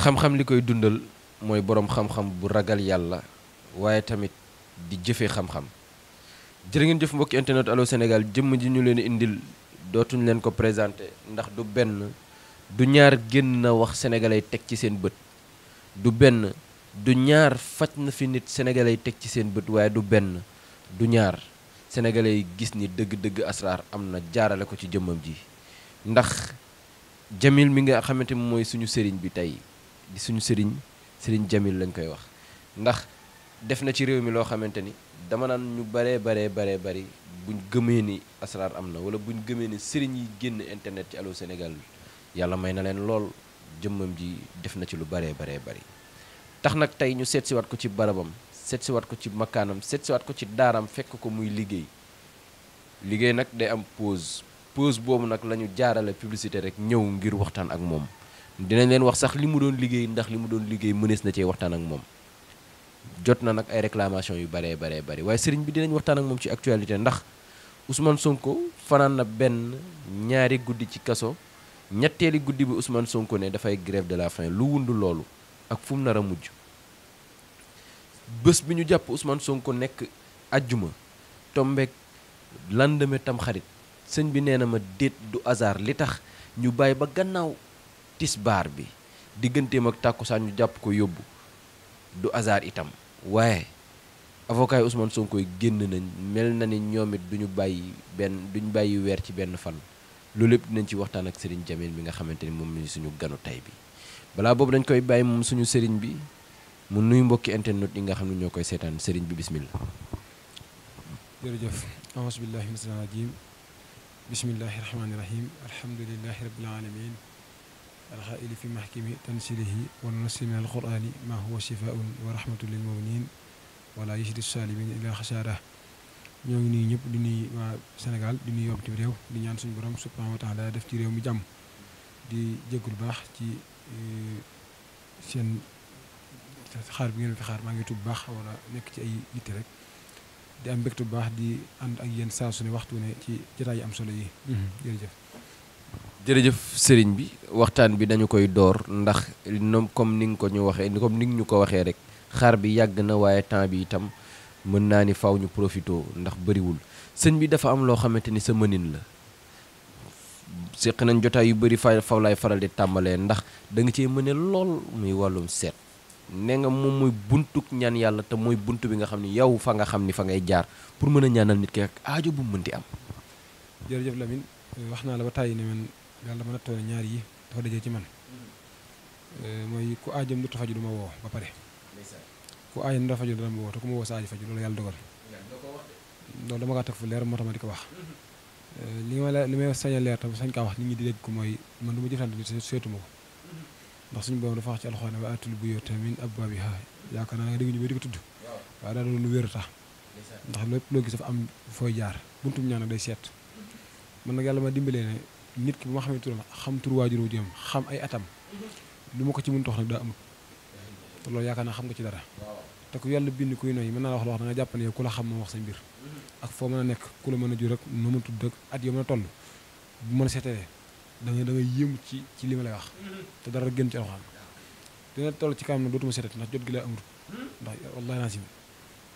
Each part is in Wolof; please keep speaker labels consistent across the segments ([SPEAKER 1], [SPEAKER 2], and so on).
[SPEAKER 1] xam-xam li koy dundal mooy boroom xam-xam bu ragal yàlla waaye tamit di jëfe xam-xam jërë ngeen jëf mbokki internet Allô senegal jëmm ji ñu leen indil dootuñ leen ko présenté ndax du benn du ñaar génn na wax sénégalais teg ci seen bët du benn du ñaar faj na fi nit senegal sénégalais teg ci seen bët waaye du benn du ñaar sénégalais yi gis ni dëgg-dëgg asraar am na jaarale ko ci jëmmam ji ndax Jamil mi nga xamante mooy suñu sëriñ bi tey di suñu sëriñ sëriñ Jamil lañ koy wax ndax def na ci réew mi loo xamante ni dama naan ñu baree baree baree bari buñ gëmee ni asraar am na wala buñ gëmee ni sëriñ yi génn internet ci Allô Sénégal yàlla may na leen lool jëmmam ji def na ci lu baree baree bari tax nag tey ñu seet ko ci barabam seet ko ci makkaanam seet ko ci daaram fekk ko muy liggéey liggéey nag day am pause pause boobu nag la ñu jaarale publicité rek ñëw ngir waxtaan ak moom dinañ leen wax sax li mu doon liggéey ndax li mu doon liggéey mënees na cee waxtaan ak moom jot na nag ay réclamation yu baree baree bari waaye sëriñ bi dinañ waxtaan ak moom ci actualité ndax Ousmane Sonko fanaan na benn ñaari guddi ci kaso ñetteeli guddi bi Ousmane Sonko ne dafay grève de la faim lu wundu loolu ak fu mu nar a mujj bés bi ñu jàpp Ousmane Sonko nekk ajjuma tombeek lendemain tam xarit sëñ bi nee na ma déet du hasard li tax ñu bàyyi ba gannaaw baar bi digganteem ak tàkkusaan ñu jàpp ko yóbbu du hasard itam waaye avocat yi Ousmane Sonko génn nañ mel na ni ñoom it duñu bàyyi benn duñu bàyyi weer ci benn fan loolu lépp dinañ ci waxtaan ak sëriñ Jamil bi nga xamante ni moom suñu ganu tey bi balaa boobu dañ koy bàyyi moom suñu sëriñ bi mu nuyu mbokki internet yi nga xam ne ñoo koy seetaan sëriñ bi bismillah
[SPEAKER 2] jërëjëf aouzu billahi mina rabbil alamin alxaaili fi maxkimi tansilihi wa nasri min alqurani ma huwa shifaun wa rahmatu lil muminin wala yasidi salimin ila xasaara ñoo ngi nii ñëpp di nuyu waa Sénégal di nuyu yomb ci réew di ñaan suñu borom subhanahu wa taala def ci réew mi jàmm di jéggul baax ci eh, seen xaar bi ngeen fi xaar maa ngi tudd baax wala nekk ci ay yitte rek di am mbégte baax di ànd ak yéen saa su ne waxtu ne ci jotaay yi am solo yi mm-hmm. jërëjëf
[SPEAKER 1] jërëjëf sëriñ bi waxtaan bi dañu koy door ndax ñoom comme ni nga ko ñu waxee ni comme ni nga ñu ko waxee rek xaar bi yàgg na waaye temps bi itam mën naa ni faw ñu profité ndax bëriwul sëñ bi dafa am loo xamante ni sa mënin la seq nañ jotaay yu bëri fa faw laay faral di tàmbalee ndax danga nga cee mëne lool muy wàllum seet ne nga moom mooy buntuk ñaan yàlla te mooy bunt bi nga xam ni yow fa nga xam ni fa ngay jaar pour mën a ñaanal nit ki aajo bu mu mënti am.
[SPEAKER 2] yàlla dama nattoo ñaar yi dafa dajee ci man euh, mooy ku aajo mu faju duma ma woo ba pare ku aajo mu faju dana ma woo te ku ma woo sa aajo faju loolu yàlla dogal loolu dama kaa teg fu leer moo tax ma di ko wax mm-hmm. euh, li ma li may sañ leer te sañ wax nit ñi di dégg ko mooy man du ma jëflante nit seetuma ko
[SPEAKER 3] mm-hmm.
[SPEAKER 2] ndax suñu borom dafa wax ci alxuraan wa aatul buyuuta min abwaabihaa yaakaar naa nga dégg ñu ba di ko tudd waaye daa doon lu wér tax ndax lépp loo gis dafa am fooy jaar buntum ñaan nag day seet mm-hmm. man nag yàlla ma dimbalee nit ki bu ma xamee turam xam tur waajur jëm xam ay atam lu ma ko ci mun tox nag daa amut te loolu yaakaar naa xam nga ci dara te ku yàlla bind kuy noy mën naa la wax loo xam da yow ku la xam moo wax sa mbir ak foo mën a nekk ku la mën a jur rek nu mu tudd ak at yoo toll bu mën a da nga da nga ci ci li ma lay wax te dara gën ci alxaan dina toll ci kanam na dootuma seetati ndax jot gi laa amut ndax wallahi naa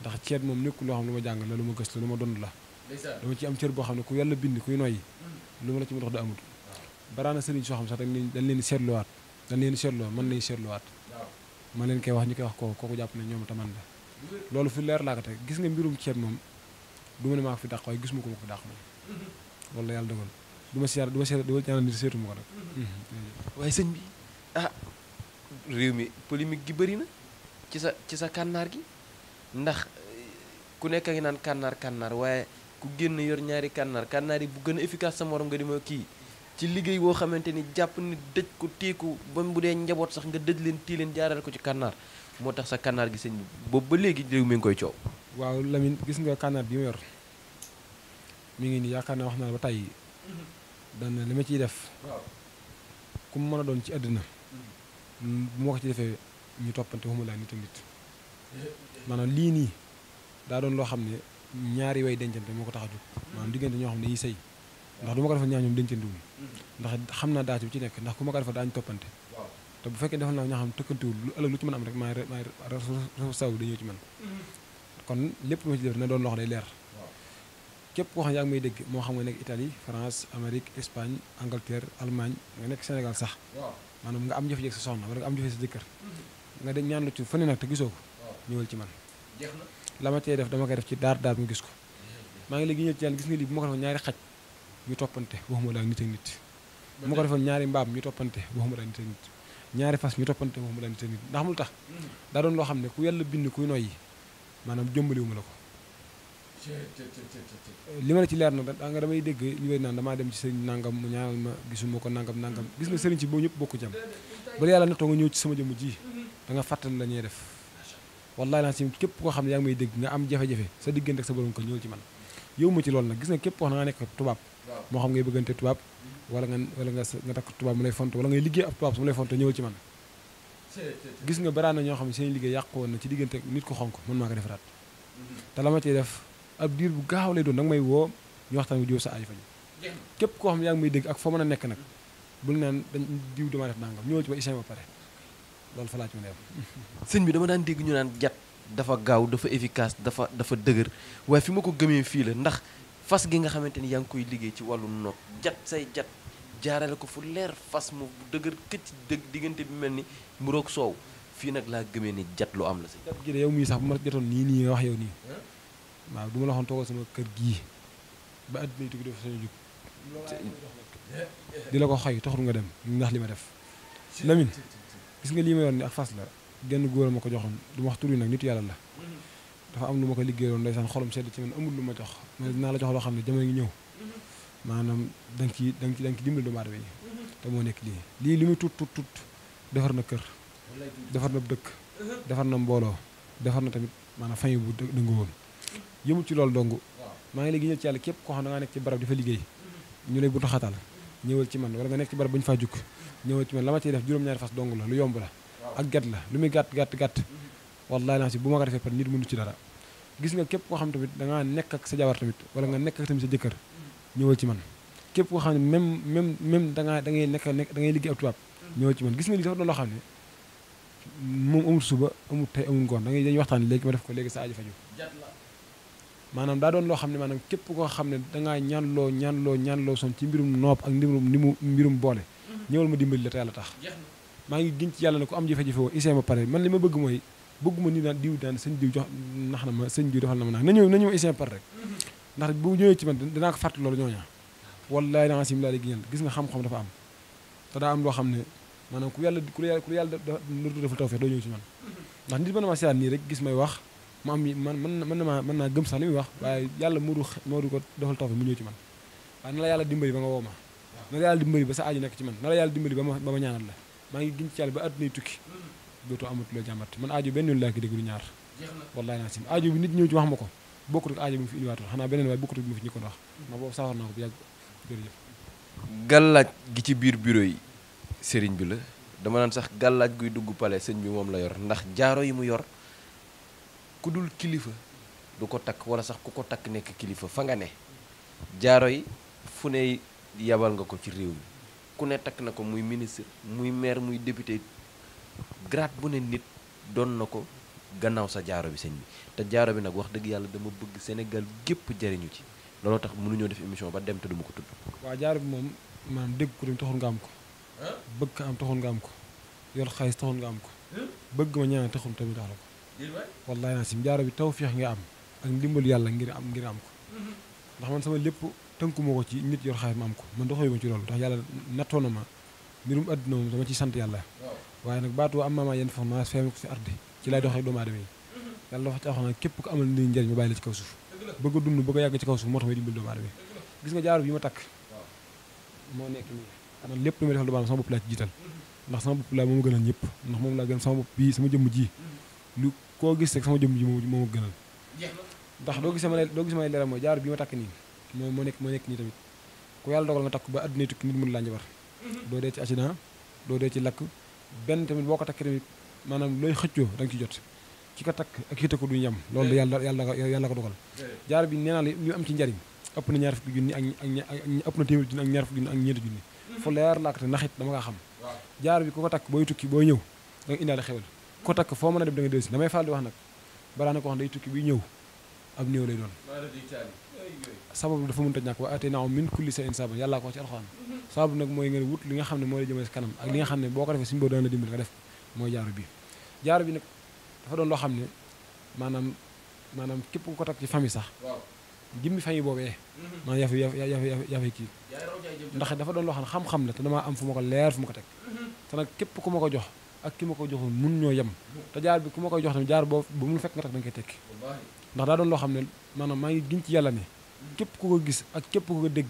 [SPEAKER 2] ndax ceet moom nekkul loo xam lu ma jàng la lu ma gës la lu ma dond la dama ci am cër boo xam ne ku yàlla bind kuy noyyi lu ma la ci mu dox da amut baraana sëriñ soo xam sax dañ leen seetluwaat dañ leen seetluwaat mën nañ seetluwaat ma leen koy wax ñu koy wax kooku kooku jàpp ne ñoom taman la loolu fu leer laa ko gis nga mbirum ceeb moom du ma ne maa fi dàq waaye gisuma ko ma ko dàq moom wala yàlla dogal du ma ma siyaar du ma ñaanal nit seetu ma ko nag
[SPEAKER 3] mm-hmm. Mm-hmm.
[SPEAKER 2] waaye sëñ bi
[SPEAKER 1] ah, réew mi polémique gi bëri na ci sa ci sa kànnaar gi ndax ku nekk a ngi naan kànnaar kànnaar waaye ku génn yor ñaari kànnaar kànnaar yi bu gën a efficace sa morom nga di ma kii ci liggéey boo xamante ni jàpp ni dëj ko ko ba bu dee njaboot sax nga dëj leen tii leen jaaral ko ci kànnaar moo tax sa kànnaar gi sëñ bi boobu ba léegi réew mi ngi koy coow.
[SPEAKER 2] waaw Lamine gis nga kànnaar bi ma yor mi ngi nii yaakaar naa wax naa ba tey daan na li ma ciy def. waaw ku mu mën a doon ci àddina. bu ma ko ci defee ñu toppante waxuma laa ni tamit maanaam lii nii xam ñaari way dencante moo ko tax a jóg maanaam diggante ñoo xam ne dañuy sëy ndax du ko defal ñaar ñoom xam naa daaj bi ci nekk ndax ku ma ko defal daañu toppante te bu fekkee defal naa ñoo xam tëkkantiwul lu ëllëg lu ci mën am rek maay maay saw dañoo ci man mm-hmm. kon lépp lu ma na ne yaa ngi may dégg moo xam nga nekk Italie France Amérique Espagne Angleterre sax maanaam nga am jafe am jafe sa jëkkër mm-hmm. nga dem ñaan lu ci fu ne nag te gisoo ko ñëwal ci man la ma cee def dama koy def ci daar daar mu gis ko maa ngi léegi ñëw ci yàlla gis nga lii bu ma ko defoon ñaari xaj ñu toppante waxuma laa nit ak nit bu ma ko defoon ñaari mbaam ñu toppante waxuma laa nit ak nit ñaari fas ñu toppante waxuma laa nit ak nit ndax mu tax daa doon loo xam ne ku yàlla bind kuy noyyi maanaam jëmbaliwuma la ko li ma la ci leer na da nga damay dégg ñu wéy naan damaa dem ci sëriñ nangam mu ñaanal ma gisuma ko nangam nangam gis nga sëriñ ci boo ñëpp bokku jam bala yàlla nattoo nga ñë ci sama jëmm ji da nga fàttali la ñuy def wallaay laa si képp koo xam ne yaa ngi may dégg nga am jafe-jafe sa diggante ak sa borom ko ñëw ci man yow ma ci loolu nag gis nga képp wax na nga nekk tubaab moo xam ngay bëggante tubaab wala nga wala nga nga takk tubaab mu lay font wala liggéey ab tubaab su mu lay gis nga baraan na ñoo xam ne seen liggéey yàqu woon na ci diggante nit ko xonk mën maa ko defaraat mhm. te la ma cay def ab diir bu gaaw lay doon danga may woo ñu waxtaan wu jiw sa aay képp koo xam ne yaa ngi may dégg ak foo mën a nekk nag bul naan dañ diw dama def nangam ñëwal ci ba issin ba pare loolu fa
[SPEAKER 1] mën bi dama daan dégg ñu naan jat dafa gaaw dafa efficace dafa dafa dëgër waaye fi ma ko gëmee fii la ndax fas gi nga xamante ni yaa ngi koy liggéey ci wàllu nopp jat say jat jaarale ko fu leer fas mu dëgër këcc dëgg diggante bi mel ni mu soow fii nag laa gëmee ni jat lu am la si jat gi
[SPEAKER 2] mii sax bu ma jotoon nii nii wax yow nii waaw du ma la waxoon sama kër gii ba addunay tukki def sañu jug di la ko xoy taxul nga dem ndax li ma def Lamine gis nga lii ma yoon ni ak fas la genn góor ma ko joxoon du wax tur yi nag nit yàlla la dafa am lu ma ko liggéeyoon ndeysaan xolum sedd ci man amul lu ma jox mais dinaa la jox loo xam ne jamono ngi ñëw maanaam da ci da ci da nga ci dimbali doomu aadama te moo nekk lii lii li muy tut tut tut defar na kër defar na dëkk defar na mbooloo defar na tamit maanaam fayu bu dëngu woon yëmul ci loolu dong maa ngi léegi ñëw ci yàlla képp koo xam ne da ngaa nekk ci barab di fa liggéey ñu lay bu taxatal ñëwal ci man wala nga nekk ci barab bu ñu faa jukk ñëwal ci man la ma ciy def juróom-ñaari fas dong la lu yomb la ak gat la lu muy gàtt gàtt gàtt wallahi naa ci dara gis nga képp koo xam tamit da ngaa nekk ak sa jabar tamit wala nga nekk ak tamit sa jëkkër ñëwal ci man képp koo xam ne même même même da da ngay nekk nekk da ngay liggéey ab tubaab ñëwal ci man gis nga lii dafa doon loo xam ne moom amul suba amul tey amul ngoon da ngay dañuy waxtaan léegi ma def ko léegi sa aaju faju maanaam daa doon loo xam ne maanaam képp koo xam ne dangaa ñaanloo ñaanloo ñaanloo son ci mbirum noob ak mbirum ni mu mbirum boole ñëwal ma dimbali la te yàlla tax maa ngi giñ ci yàlla ne ku am jafe-jafe woo isee ma pare man li ma bëgg mooy bëgguma ni daan diw daan sëñ diw jox nax na ma sëñ diw defal na ma nax na na ñëw isee ma pare rek ndax bu ñëwee ci man dinaa ko fàtte loolu ñooñaa wallaay da nga sim laa gis nga xam-xam dafa am te daa am xam ne maanaam ku yàlla ku yàlla ku yàlla defal tawfeex man ndax nit mën na ma seetaan nii rek gis may wax mu am man mën na maa mën naa gëm sax li muy wax waaye yàlla moo du moo du ko defal tawfeex mu ñëw ci man waaye na la yàlla dimbali ba nga woo ma na la yàlla dimbali ba sa aaju nekk ci man na la yàlla dimbali ba ma ba ma ñaanal la maa ngi giñ ci yàlla ba addunay tukki hmm. dootoo amatu loo jàmbat man ajo benn yoon laa ki dégg du ñaar wallaay naa si aajo bi nit ñëw ci wax ma ko bokkut ak aajo bi mu fi indiwaatul xanaa beneen waaye bokkut ak mu fi ñëkkoon hmm. ko bu yàgg jërëjëf
[SPEAKER 1] gàllaaj gi ci biir bureau yi sëriñ bi la dama naan sax gàllaaj guy dugg pale sëñ bi moom la yor ndax jaaro yi mu yor ku dul kilifa du ko takk wala sax ku ko takk nekk kilifa fa nga ne jaaro yi fu ne yabal nga ko ci réew mi ku ne takk na ko muy ministre muy maire muy député grade bu ne nit doon na ko gannaaw sa jaaro bi sëñ bi te jaaro bi nag wax dëgg yàlla dama bëgg Sénégal gépp jariñu ci looloo tax mënuñoo def émission ba dem te duma ko tudd
[SPEAKER 2] waa jaaro bi moom maanaam dégg ko dem taxul nga am ko bëgg ko am nga am ko yor xaalis nga am ko bëgg ma ñaan taxul tamit ko wallaay naa sim jaaro bi tawféex nga am ak ndimbalu yàlla ngir am ngir am ko ndax man sama lépp tënkuma ko ci nit yor xaalis ma am ko man doxewuma ci loolu ndax yàlla nattoo ma mbirum àdduna moom dama ciy sant yàlla waaye nag baatu am maamaa yenn fax ma feem ko fi ci lay doxee doomu aadama yi yàlla wax ci képp ku amal nit njëriñ ma bàyyi la ci kaw suuf bëgg a dund bëgg a yàgg ci kaw suuf moo tax may dimbali doomu aadama yi gis nga jaaro bi ma takk moo nekk nii lépp lu may defal doomu aadama sama bopp mm-hmm. ndax sama bopp laa moom a ñëpp ndax moom laa gën sama bopp bii sama jëmm ji mm-hmm. koo gis rek sama jëm ji moo ma gënal ndax doo gis ma doo gis mooy jaar bi ma takk nii moo moo nekk moo nekk nii tamit ku yàlla dogal nga takk ba adduna tukki nit mun laa njabar mhm. doo dee ci accident doo dee ci lakk benn tamit boo ko takk tamit maanaam looy xëccoo da nga ci jot ki ko takk du ñam eh. loolu da yàlla yàlla eh. la li am ci njariñ ëpp na ñaar fukki junni ak ak ëpp na téeméer junni ak ñaar fukki junni ak ñeenti junni mhm. fu leer laa ko jaar bi ku ko takk booy tukki booy ñëw da nga indaale xewal ko takk foo mën a dem da nga dellusi damay faral di wax nag balaa na ko wax day tukki bi ñëw ab néew lay doon sababu dafa mënta ñàkk wa na min kulli shay'in sababan yàllaa ko wax ci alxuraan sababu nag mooy ngeen wut li nga xam ne moo lay jëmale si kanam ak li nga xam ne boo ko defee suñu boo dana la dimbali nga def mooy jaaru bi jaaru bi nag dafa doon loo xam ne maanaam maanaam képp ku ko takk ci famille sax jëmmi famille boobee mhm. maanaam yafe yafe yafe kii ndax dafa doon loo xam ne xam-xam la te damaa am fu ma ko leer fu ma ko teg mhm. te nag képp ku ma ko jox ak ki ma ko joxoon mun ñoo yem te jaar bi ku ma koy jox tamit jaar boobu ba mu fekk nga tax da nga koy tekki ndax daa doon loo xam ne maanaam maa ngi giñ ci yàlla ne képp ku ko gis ak képp ku ko dégg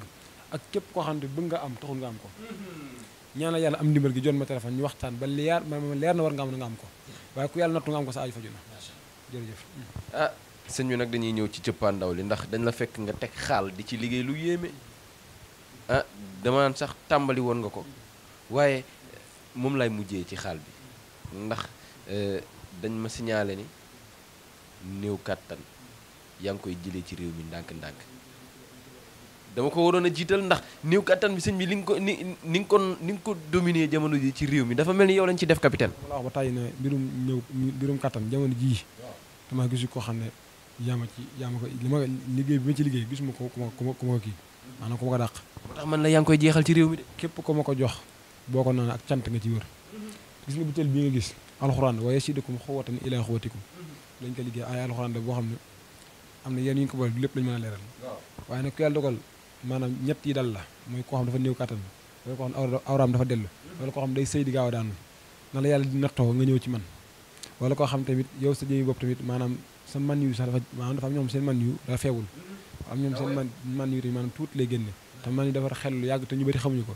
[SPEAKER 2] ak képp koo xam ne bëgg nga am taxul nga am ko ñaanal yàlla am ndimbal gi jot ma téléphone ñu waxtaan ba leer ma leer na war nga am na am ko waaye ku yàlla nattu nga am ko sa aju faju na jërëjëf
[SPEAKER 1] ah, bi nag dañuy ñëw ci cëppaandaw li ndax dañ la fekk nga teg xaal di ci liggéey lu ah, sax tàmbali woon nga ko waaye moom lay mujjee ci xaal bi ndax euh, dañ ma signalé ni néew kàttan yaa ngi koy jëlee ci réew mi ndànk-ndànk dama ko waroon a jiital ndax néew kàttan bi sëñ bi li nga ko ni ni nga ko ni ko dominé jamono ji ci réew mi dafa mel ni yow lañ ci def capitaine.
[SPEAKER 2] wala wax ba kàttan jamono jii dama gisu koo xam ne yaa ma ci yaa ko li ma liggéey bi ma ci liggéey gisuma ko ku ma ku ma kii maanaam ku ma ko dàq. moo tax man la yaa ngi koy jeexal ci réew mi de. képp ko ma ko jox boo ko naan ak cant nga ci wër. gis nga butéel bii nga gis alxuraan waaye yasidukum xuwwatan ilaa xuwwatikum lañ ko liggéey ay alxuraan ne na yéen yu ko boole du a leeral waaye nag ku yàlla dogal maanaam la mooy koo xam dafa néew kattan wala koo xam awraam dafa dellu wala koo xam day sëy di gaaw a daanu na la yàlla di nattoo nga ñëw ci man wala ko xam tamit yow sa jëmi bopp tamit maanaam sa man yu sax dafa maanaam dafa am ñoom seen man yu dafa feewul am ñoom seen man man yu tamit maanaam tuuti lay génne man yu dafa xel lu yàgg te ñu bëri xamuñu ko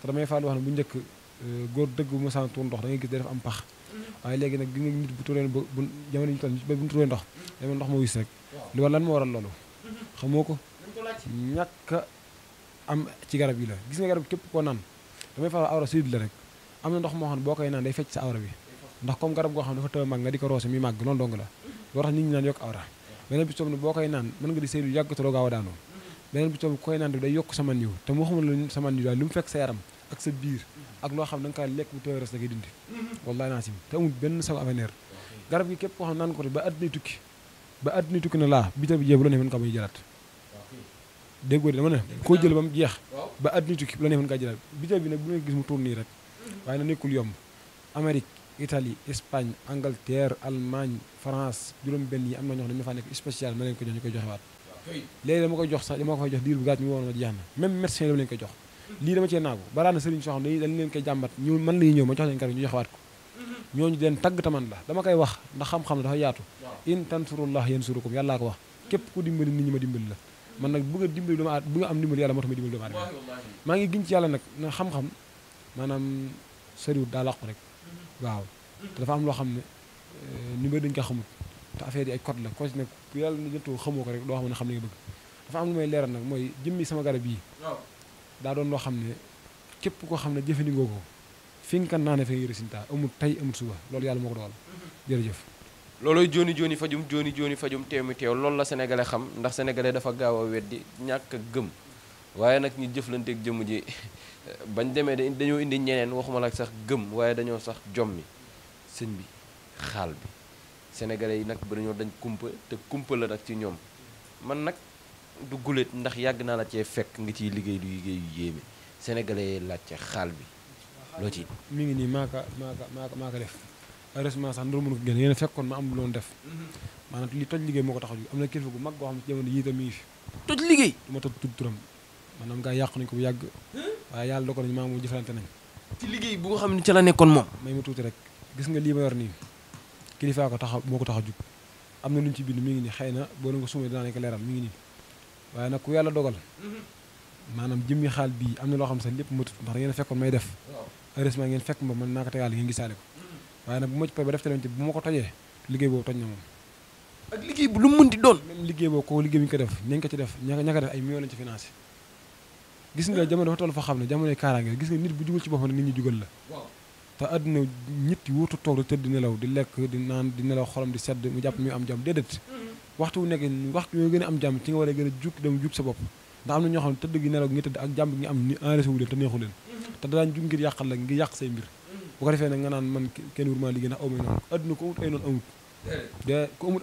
[SPEAKER 2] te damay faal wax ne bu njëkk Euh, góor dëgg bu mosaan tuur ndox da gis day def am pax mm-hmm. waaye léegi nag gi nga nit bu ba bu jamono ñu toll ba bu ñu turee ndox damay ndox moo wis rek li war lan moo waral mm-hmm. ko ñàkk am ci garab yi la gis nga garab koo na ndox moo xam ne boo koy naan ko roose mi màgg loolu dong la mm-hmm. loo tax nit ñi naan yokk awra beneen bi toog ne boo koy naan mën nga di sëy lu yàgg te doo gaaw a daanoo beneen bi toog koy naan day yokk sama niw te mu xamul sama niw daal lu mu fekk sa yaram ak sa biir ak loo xam da nga kaa lekk bu tooy res da koy dindi wallahi naa sim te amul benn saw avenir garab gi képp koo xam naan ko te ba adduna tukki ba adduna tukki na laa bi tabi jee bu la neex mën ka may jëlaat déggoo ne koo jël ba mu jeex ba adduna tukki la neex mën kaa jëlaat bi tabi bi nag bu ne gis mu tourne rek waaye na nekkul yomb Amérique Italie Espagne Angleterre Allemagne France juróom benn yi am na ñoo xam ne ñu faa nekk spécial ma leen ko jox ñu koy joxewaat léegi dama koy jox sax dama ko fay jox diir bu gàtt mi woon ma jeex na même médecin dama leen jox lii dama cee naagu balaa na sëriñ soo xam ne dañ leen jàmbat ñu mën lañu ñëw ma jox leen kar ñu joxewaat ko ñooñu den tagg taman la dama koy wax ndax xam-xam dafa yaatu in tansurullah yansurukum yàllaa ko wax hmm. képp ku dimbali nit ñi ma dimbali la man nag a dimbali a am dimbali maa ngi giñ ci yàlla nag xam maanaam sëriwut daa làqu rek hmm. waaw te am loo xam ne eh, ñu bëri dañ ko xamut te affaire yi ay code la ko ci nag rek doo xam ne xam li nga bëgg dafa am lu may leeral nag mooy jëmmi sama garab yi daa doon loo xam ne képp koo xam ne jëfandikoo ko fi nga kan naa ne fi nga yëre résultat amul tey amul suba loolu yàlla moo ko dogal mm-hmm. jërëjëf
[SPEAKER 1] loolooy jooni jooni fajum jooni jooni fajum teew mi teew loolu la sénégalais xam ndax sénégalais dafa gaaw a weddi ñàkk ak gëm waaye nag ñu jëflanteeg jëm ji bañ demee dañoo indi ñeneen waxuma ak sax gëm waaye dañoo sax jommi sëñ bi xaal bi sénégalais yi nag ba dañoo dañ kumpa te kumpa la nag ci ñoom man nag du guléet ndax yàgg naa la cee fekk nga ci liggéey du liggéey yu yéeme sénégalais yi laajte xaal bi loo ci
[SPEAKER 2] mu ngi nii maa ko maa ko maa ko maa def heureusement sax ndor mënu ko génn yéen fekkoon ma am loon def mm-hmm. maanaam li toj liggéey moo ko tax a am na kilifa gu mag goo xam ne ci jamono yii tam mi ngi fi toj liggéey du ma toj tudd turam maanaam gaa yàgg waaye yàlla dogal maa moom jëflante nañ
[SPEAKER 1] ci liggéey bu xam ne ca la nekkoon moom
[SPEAKER 2] may ma tuuti rek gis nga lii ma yor nii ko tax moo ko tax a jóg na lu ñu ci bind mi ngi nii xëy na boo na ko sumee dinaa nekk leeral mi ngi nii waaye nag ku yàlla dogal mm-hmm. maanaam jëmmi xaal bii am na loo xam sax lépp matut ndax da ngeen fekkoon may def heureusement ngeen fekk ma mën naa ko tegaale ngeen gisaale ko mm-hmm. waaye nag bu ma ci pare ba def te ci bu ma ko tojee liggéey boobu toj na moom ak liggéey bu lu mun mënti doon même liggéey boobu ko liggéey bi ñu ko def ña ko ci def ña ña ko def ay millions lañ ci financé gis nga jamono dafa toll fa xam ne jamonoy kaaraange gis nga nit bu jugul ci boppam nit la te àdduna nit wuutu toog tëdd di nelaw di lekk di naan di nelaw xolam di sedd mu jàpp muy am jàmm déedéet mm-hmm. waxtu wu nekk waxtu yoo gën a a gën a jug sa bopp ndax am na ñoo xam ne tëdd gi nelaw ngi tëdd ak jàmm gi nga am ni enregistré wu leen te neexu leen te daan jug ngir yàqal la ngir yàq say mbir bu ko defee nag nga naan man kenn wur maa liggéey ndax aw may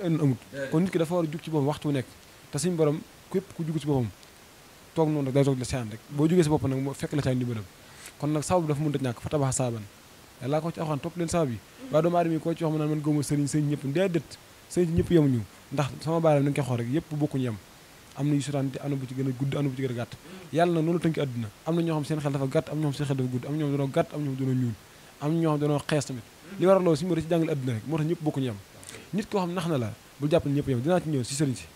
[SPEAKER 2] noonu ci boppam waxtu wu nekk te suñu borom képp ku jug ci boppam toog noonu rek day sa bopp nag fekk la caa ndimbalam kon nag sababu dafa mënut a saaban yàllaa ko ci axaan topp leen sabab yi mm. waaye doomu aadama yi koo ci wax naan man gëmuma sëriñ sëriñ ñëpp déedéet sëriñ si ñëpp yemuñu ndax sama baaraam ni nga rek yëpp bokkuñu yem am na yu sutante am na bu ci gën a gudd am na bu ci gën a gàtt yàlla nag noonu tënki àdduna am na ñoo xam seen xel dafa gàtt am ñoo xam seen xel dafa gudd am ñoo xam dañoo gàtt am am ñoo xam ñëpp bokkuñu na la bul jàpp ne ñëpp yem dinaa ci ñëw si sëriñ si eh,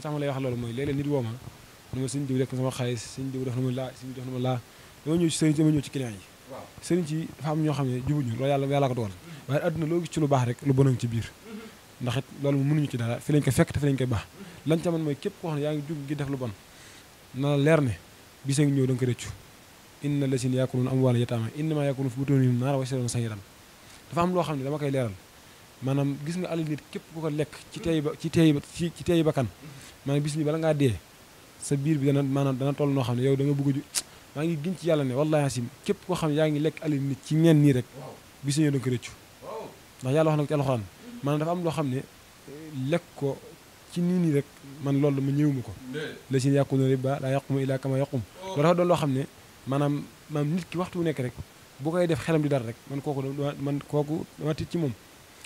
[SPEAKER 2] ma wax loolu mooy léeg-léeg nit na ma laa sëñ diw def na ma laa dama ñëw sëriñ si dama ñëw ci client yi sëriñ ci dafa am ñoo xam ne jubuñu loolu yàlla yàlla ko dogal waaye àdduna loo gis ci lu baax rek lu bonang ci biir ndax it loolu mënuñu ci dara fi lañ ko fekk te fi koy baax lañ ca man mooy képp koo yaa ngi jug gi def lu bon na la leer ne bisa ngi ñëw da nga ko rëccu indi na yaakuluna amwaala yataama innama yaakuluna fi butuunihim naara wa sayasluuna sa'iiran dafa am loo xam ne dama koy leeral maanaam gis nga alal nit képp ku ko lekk ci teey ba ci teey ci teey bakkan maanaam bis ni bala ngaa dee sa biir bi dana maanaam dana toll noo xam ne yow da nga bëgg a maa ngi gën ci yàlla ne na asim képp ko xam ne yaa ngi lekk alal nit ci ñenn nii rek bis nañoo da ko rëccu ndax yàlla wax na ko ci alxuraan maanaam dafa am loo xam ne eh, lekk ko ci nii nii rek man loolu ma ñëwuma ko la sin yàquna riba laa yàqumu illa kama yàqum loolu dafa doon loo xam ne maanaam maanaam nit ki waxtu wu nekk rek bu koy def xelam di dara rek man kooku man kooku dama tiit ci moom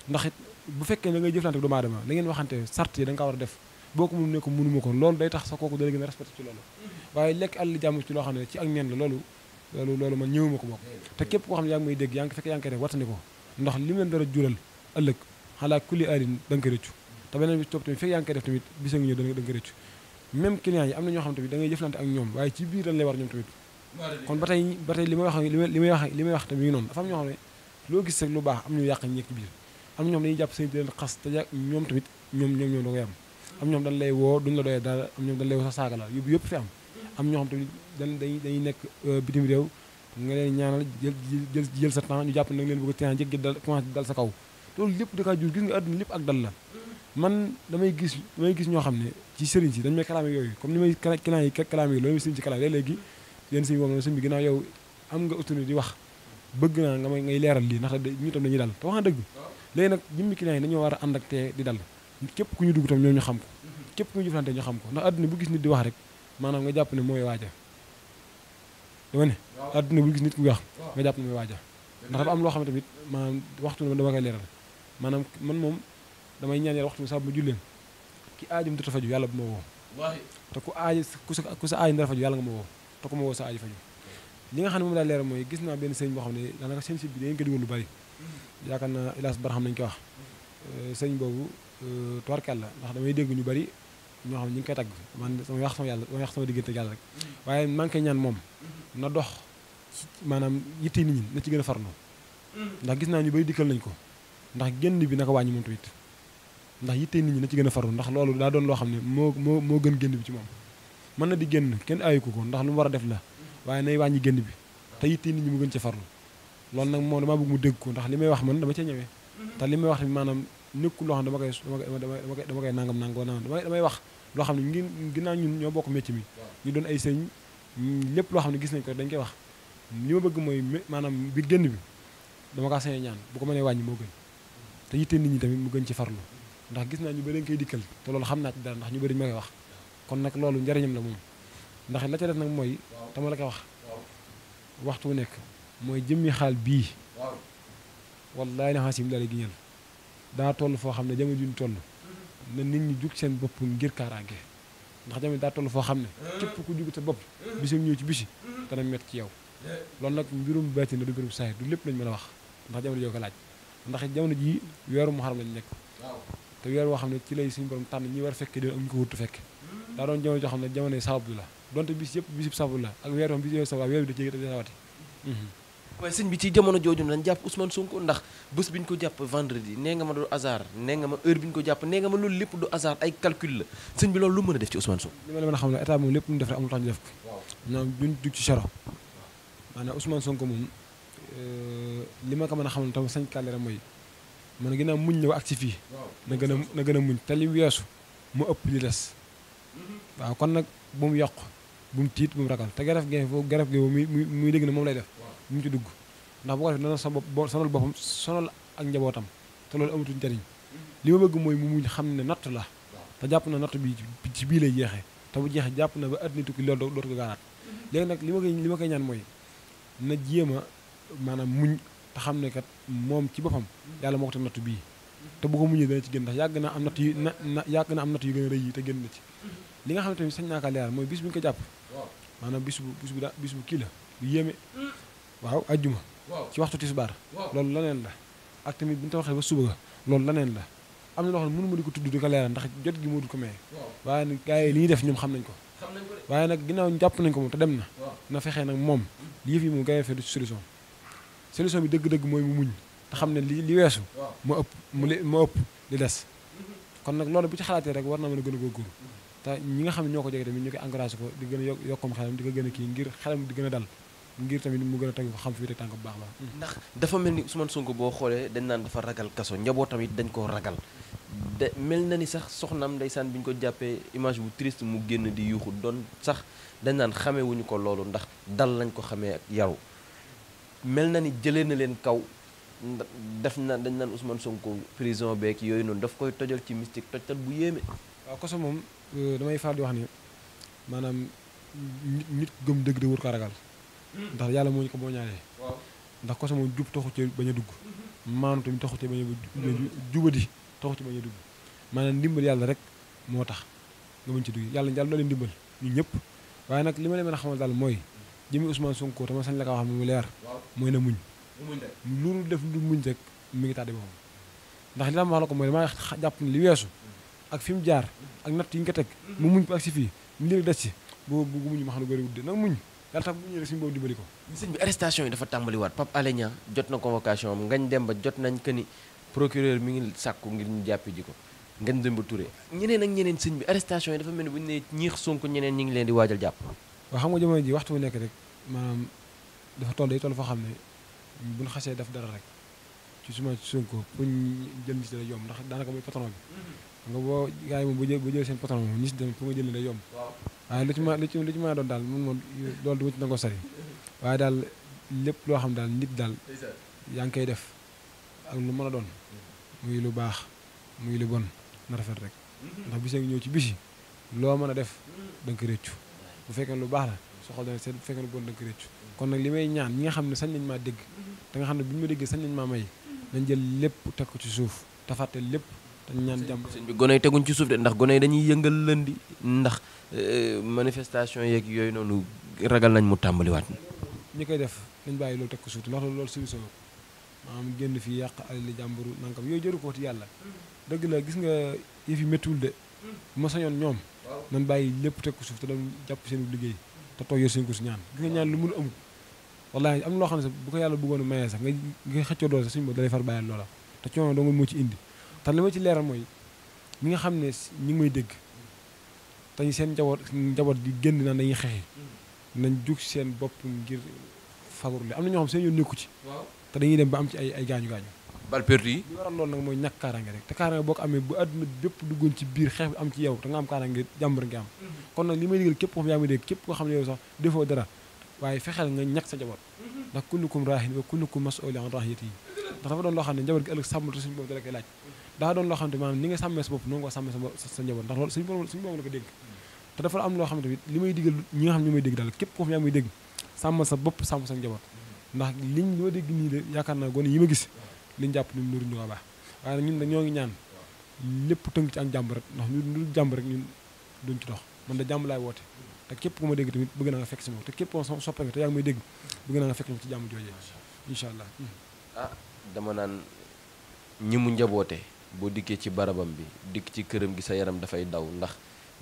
[SPEAKER 2] ndax it bu fekkee da ngay jëflante doomu aadama da ngeen waxante sart yi da war a def boo ko mun ne ko ko loolu day tax sa kooku dana gën a respecté ci loolu waaye lekk àll jàmm ci loo xam ne ci ak neen la loolu loolu man ñëwuma ko bokk te képp koo xam ne yaa ngi may dégg yaa ngi fekk yaa ngi koy def wattandi ko ndax li mu leen dara jural ëllëg xalaa kulli alin da nga te beneen bi topp nga ko rëccu même client yi am na ñoo xam tamit ñoom ñoom tamit may wax li may wax li may wax tamit am ñoo xam ne am ñoom dañuy xas te tamit ñoom ñoom ñoom da koy am am ñoom dañ woo duñu la doyee dara am ñoom dañ woo sa saaga la yóbbu yëpp fi am am ñoo xam tamit dañ dañuy nekk euh, nga leen ñaanal jël jël jël sa temps ñu jàpp nag leen bëgg tey jëkki dal commencé dal da la man damay gis damay gis ñoo xam ne ci sëriñ si yooyu comme ni may kilan yi kalaame yi loolu may sëriñ si kalaame di wax bëgg naa nga may leeral lii ndax ñu tam dañuy dal te wax na dëgg léegi nag jëmmi client yi dañoo war a ànd ak tee di dal képp ku ñu dugg tam ñoom ñu xam ko képp ku ñu jëflante ñu xam ko ndax àdduna bu gis nit di wax rek maanaam nga jàpp ne mooy waaja dama ne adduna bu gis nit ku baax nga jàpp ne mooy waaja ndax dafa am loo xam ne tamit maanaam waxtu ne dama koy leeral maanaam man moom damay ñaan yàlla waxtu sax ma julleen ki aajum dota faju yàlla bu ma woo te ku aaji ku ku sa aaji dara faju yàlla ma woo te ma woo sa aaji faju li nga xam ne moom laa leeral mooy gis naa benn sëñ boo xam ne daanaka seen bi dañ ko lu bari mm-hmm. yaakaar naa ilaas baraxam nañu ko wax mm-hmm. eh, sëñ boobu eh, tubarkàlla ndax damay dégg ñu bari ñoo xam ne ñu ngi koy tagg man sama wax sama wax sama diggante yàlla rek waaye maa ngi koy ñaan moom na dox maanaam yitte nit ñi na ci gën a farnoo ndax gis naa ñu bay dikkal nañ ko ndax génn bi naka wàññi moom tamit ndax yitte nit ñi na ci gën a farlu ndax loolu daa doon loo xam ne moo moo moo gën génn bi ci moom mën na di génn kenn ayu ko ko ndax lu mu war a def la waaye nay wàññi génn bi te yitte nit ñi mu gën ci farlu loolu nag moom damaa bëgg mu dégg ko ndax li may wax man dama cee ñëwee te li may wax maanaam nekkul loo xam dama koy dama koy dama koy nangam nangam damay damay wax loo xam ne ngir ginnaaw ñun ñoo bokk métier mi. ñu doon ay sëñ lépp loo xam ne gis nañ ko dañ koy wax li ma bëgg mooy maanaam bi génn bi dama kaa sañee ñaan bu ko mënee wàññi moo gën te yitte nit ñi tamit mu gën ci farlu ndax gis naa ñu bëri dañ koy dikkal te loolu xam naa ci dara ndax ñu bëri ñu ma koy wax kon nag loolu njariñam la moom ndax la ca def nag mooy dama la koy wax waxtu nekk mooy jëmmi xaal bii wallaay na xaasim laa lay giñal daa toll foo xam ne jamono ji ñu toll na nit ñi jug seen bopp ngir kaaraange ndax jamono daa toll foo xam ne képp ku jug sa bopp bisam ñëw ci bisi dana met ci yow loolu nag mbirum baatin la du mbirum saahir du lépp lañ mën a wax ndax jamono joo ko laaj ndax jamono ji weeru mu xaram lañ nekk te weer woo xam ne ci lay suñu borom tànn ñi war fekke dé am ñu ko wurtu fekke daa doon jamono joo xam la donte bis yëpp bisib sabablu la ak weer moom bis yooyu sabab weer bi da cee
[SPEAKER 1] waaye sëñ bi ci jamono jooju nañ jàpp Ousmane Sonko ndax bés bi ñu ko jàpp vendredi nee nga ma du hasard nee nga ma heure bi ñu ko jàpp nee nga ma loolu lépp du hasard ay calcul la sëñ bi loolu lu mën a def ci Ousmane Sonko.
[SPEAKER 2] a xam ne état moom lépp lu mu def rek amul tax ñu ko. Euh, li ma ko mën a xam ne tam sañ kàllare mooy man gën a muñ ñëw ak ci fii. na gën a na gën a muñ te li weesu mu ëpp li des. Mm-hmm. waaw kon nag bu mu yokk bu mu tiit bu mu ragal te garab gi foofu garab gi muy muy dégg na moom lay def mu mu ci dugg ndax bu ko defee dana sa bopp sonal boppam sonal ak njabootam te loolu amatul njariñ mm-hmm. li ma bëgg mooy mu muñ xam ne natt la te jàpp na natt bi ci bii lay jeexee te bu jeexee jàpp na ba àddina ki loolu dootu ko gaaraat mm-hmm. léegi nag li ma koy li ma ñaan mooy na jéem a maanaam muñ te xam ne kat moom ci boppam mm-hmm. yàlla moo ko te natt bii te bu ko muñee dana ci génn ndax yàgg na am natt yu na na yàgg na am natt yu gën a rëy yi te génn na ci li nga xam ne tamit sañ naa mooy bis bu ñu ko jàpp maanaam bis bu bis kii la bu waaw ajjuma ci waxtu tisbaar loolu leneen la ak tamit bi ñu tawaxee ba suba ga loolu leneen la am na loo xam ne di ko tudd di ko leeral ndax jot gi moo du ko maye waaye nag gars yi li ñu def ñoom xam nañ ko waaye nag ginnaaw jàpp nañ ko moom dem na na fexee nag moom li yëf yi moom gars yi solution solution bi dëgg-dëgg mooy mu muñ xam ne li li weesu mu ëpp mu li mu ëpp li des mm-hmm. kon nag loolu bu ci xalaatee rek war na mën a gën a góorgóorlu mm-hmm. te ñi nga xam ne ñoo ko jege tamit ñu koy encouragé ko di gën a yokk yokkum xelam di ko gën a kii ngir xelam di gën a dal ngir tamit mu gën a teg xam fi te tànk bu baax baax ndax
[SPEAKER 1] dafa mel ni Ousmane Sonko boo xoolee dañ naan dafa ragal kaso njaboo it dañ koo ragal de mel na ni sax soxnaam ndeysaan bi ñu ko jàppee image bu trist mu génn di yuuxu doon sax dañ naan xamee wuñu ko loolu ndax dal lañ ko xamee ak yaru mel na ni jëlee na leen kaw def na dañ naan Ousmane Sonko prison beek yooyu noonu daf koy tojal ci mystique tojtal bu yéeme. waaw koso
[SPEAKER 2] moom euh, damay faral di wax ni maanaam nit nit ko ragal. ndax yàlla moo ñu ko boo ñaanee ndax ko sama jub taxu ci bañ a dugg mm-hmm. maanu tamit taxu ci bañ a jubadi taxu ci bañ a dugg maanaam ndimbal yàlla rek moo tax nga mën ci dugg yàlla yàlla doole ndimbal ñun ñëpp waaye nag li ma leen mën a xamal daal mooy jëmi Ousmane Sonko tama la ko wax mu leer mooy na muñ def lu muñ rek mi ngi tàddi boppam ndax li ma wax la ko mooy damaa jàpp ne li weesu ak fi mu jaar ak natt yi nga teg mu mm-hmm. muñ ko ak si fii mu léegi des ci boobu bu muñ ma xam ne góor wudde nag muñ yàlla tax bu ñëwee
[SPEAKER 1] suñu boobu dimbali ko. sëñ bi arrestation yi dafa tàmbaliwaat Pape Alé Niang jot na convocation am Ngagne Demba jot nañ que ni procureur mi ngi sàkku ngir ñu jàpp ji ko Ngagne ba Touré ñeneen ak ñeneen suñ bi arestation yi dafa mel ni bu ñu nee ñiix Sonko ñeneen ñi ngi leen di waajal jàpp.
[SPEAKER 2] waaw xam nga jamono ji waxtu bu nekk rek maanaam dafa toll day toll foo xam ne bu xasee daf dara rek ci suma Sonko pour ñu jël ci dara yomb ndax daanaka mooy patron bi mm-hmm. nga boo gars yi moom bu jël bu jël seen patron moom ñi si dem pour nga jël day yomb waaye lu ci ma lu ci lu ci ma doon daal mun moom loolu du ma ci nangoo sori waaye daal lépp loo xam daal nit daal yaa ngi koy def ak lu mën a doon muy lu baax muy lu bon na rafet rek ndax bis ngi ñëw ci bisi loo mën a def da nga ko réccu bu fekkee lu baax la soo xool dana seet bu fekkee lu bon kon nag li may ñaan ñi xam ne sañ nañ maa dégg te xam ne bu ñu ma déggee sañ nañ maa may nañ jël lépp teg ko ci suuf te fàtte lépp dañ ñaan jàmm
[SPEAKER 1] sëñ bi gone yi teguñ ci suuf de ndax gone yi dañuy yëngal lëndi ndax euh, manifestation yeeg yooyu noonu ragal nañ mu tàmbaliwaat na
[SPEAKER 2] ñi koy def dañ bàyyi loolu teg ko suuf ndax loolu suñu solo maanaam yàq alali jàmburu nangam yooyu jëru ko ci yàlla dëgg la gis nga yëf yi méttiwul de bu ma sañoon ñoom nañ bàyyi lépp te ku suuf te doon jàpp seen liggéey te toog yor seen ko si ñaan gis nga ñaan lu mënu amul wallahi am loo xam sax bu ko yàlla bëggoon a mayee sax nga nga xëccoo doole sax suñu bo dalay far bàyyal loola te coono doo nga ci indi te li ci leeral mooy ñi nga xam ne ñi ngi may dégg te seen njaboot njaboot di génn naan dañuy xeexi nañ jug seen bopp ngir fagurle am na ci te dañuy dem ba ci ay ay gaañu-gaañu kaaraange rek te boo ko amee bu àdduna bépp duggoon ci biir xeex bi am ci yow da nga am kaaraange jàmbur nga am mhm. kon nag li may digal képp koo xam yaa dégg képp koo xam ne yow sax defoo dara waaye fexeel nga ñàkk sa njaboot mhm. ndax kullukum raahin wa kullukum mas'uulun an raahiyatihi ndax dafa doon loo xam ne njaboot gi ëllëg sàmmatu suñu boobu da la koy laaj daa doon loo xamante maanaam ni nga sàmmee sa bopp noonu nga sàmmee sa njaboot ndax loolu suñu borom suñu borom la ko dégg te dafa am loo xamante bi li may digal ñi nga xam ne ñi may dégg daal képp koo sa bopp sàmm sa njaboot ndax liñ li ma dégg nii de yaakaar naa gone yi ma gis liñ jàpp ni nuruñu waa ñoo ngi ñaan lépp tënk ci ak jàmm rek ndax ñu dul jàmm rek ñun duñ ci dox man da jàmm laay woote te képp ku ma dégg tamit bëgg naa nga fekk si moom te képp ko soppe nga te yaa ngi may dégg bëgg naa nga fekk si ci jàmm joojee incha allah
[SPEAKER 1] ah, dama naan ñi mu njaboote boo dikkee ci barabam bi dikk ci këram gi sa yaram dafay daw ndax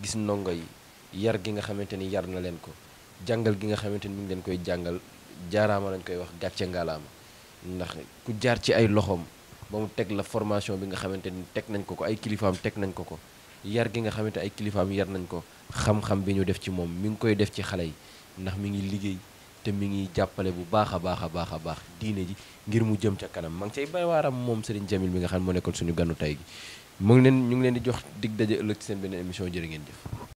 [SPEAKER 1] gis ndongo yi yar gi nga xamante ni yar na leen ko jàngal gi nga xamante ni mi ngi leen koy jàngal jaaraama lañ koy wax gàcce ngalaama ndax ku jaar ci ay loxoom ba mu teg la formation bi nga xamante ni teg nañ ko ko ay kilifaam teg nañ ko ko yar gi nga xamante ay kilifaam yar nañ ko xam-xam bi ñu def ci moom mi ngi koy def ci xale yi ndax mi ngi liggéey te mi ngi jàppale bu baax a baax a baax a baax diine ji ngir mu jëm ca kanam ma ngi cay bay waaram moom Serigne Jamil mi nga xam moo nekkoon suñu ganu tey gi mu ngi leen ñu ngi leen di jox dig daje ëllëg ci seen benn émission jërë ngeen jëf